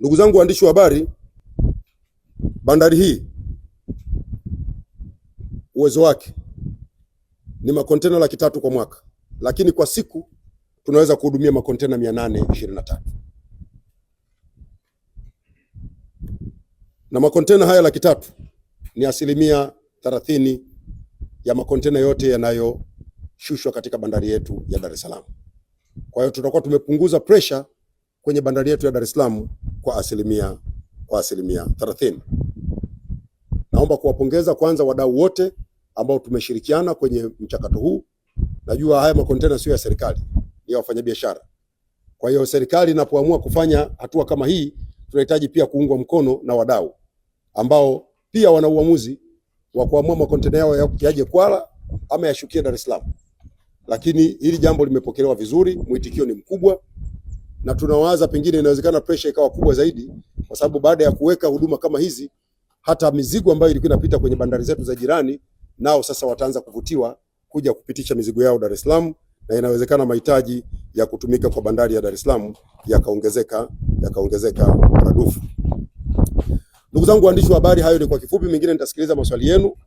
Ndugu zangu waandishi wa habari, bandari hii uwezo wake ni makontena laki tatu kwa mwaka, lakini kwa siku tunaweza kuhudumia makontena 823 na makontena haya laki tatu ni asilimia thelathini ya makontena yote yanayoshushwa katika bandari yetu ya Dar es Salaam. Kwa hiyo tutakuwa tumepunguza pressure kwenye bandari yetu ya Dar es Salaam kwa asilimia kwa asilimia 30. Naomba kuwapongeza kwanza wadau wote ambao tumeshirikiana kwenye mchakato huu. Najua haya makontena sio ya serikali, ni ya wafanyabiashara. Kwa hiyo serikali inapoamua kufanya hatua kama hii, tunahitaji pia kuungwa mkono na wadau ambao pia wana uamuzi wa kuamua makontena yao yaje Kwala ama yashukie Dar es Salaam. Lakini hili jambo limepokelewa vizuri, mwitikio ni mkubwa na tunawaza pengine inawezekana pressure ikawa kubwa zaidi, kwa sababu baada ya kuweka huduma kama hizi, hata mizigo ambayo ilikuwa inapita kwenye bandari zetu za jirani, nao sasa wataanza kuvutiwa kuja kupitisha mizigo yao Dar es Salaam, na inawezekana mahitaji ya kutumika kwa bandari ya Dar es Salaam yakaongezeka yakaongezeka maradufu. Ndugu zangu waandishi wa habari, hayo ni kwa kifupi, mengine nitasikiliza maswali yenu.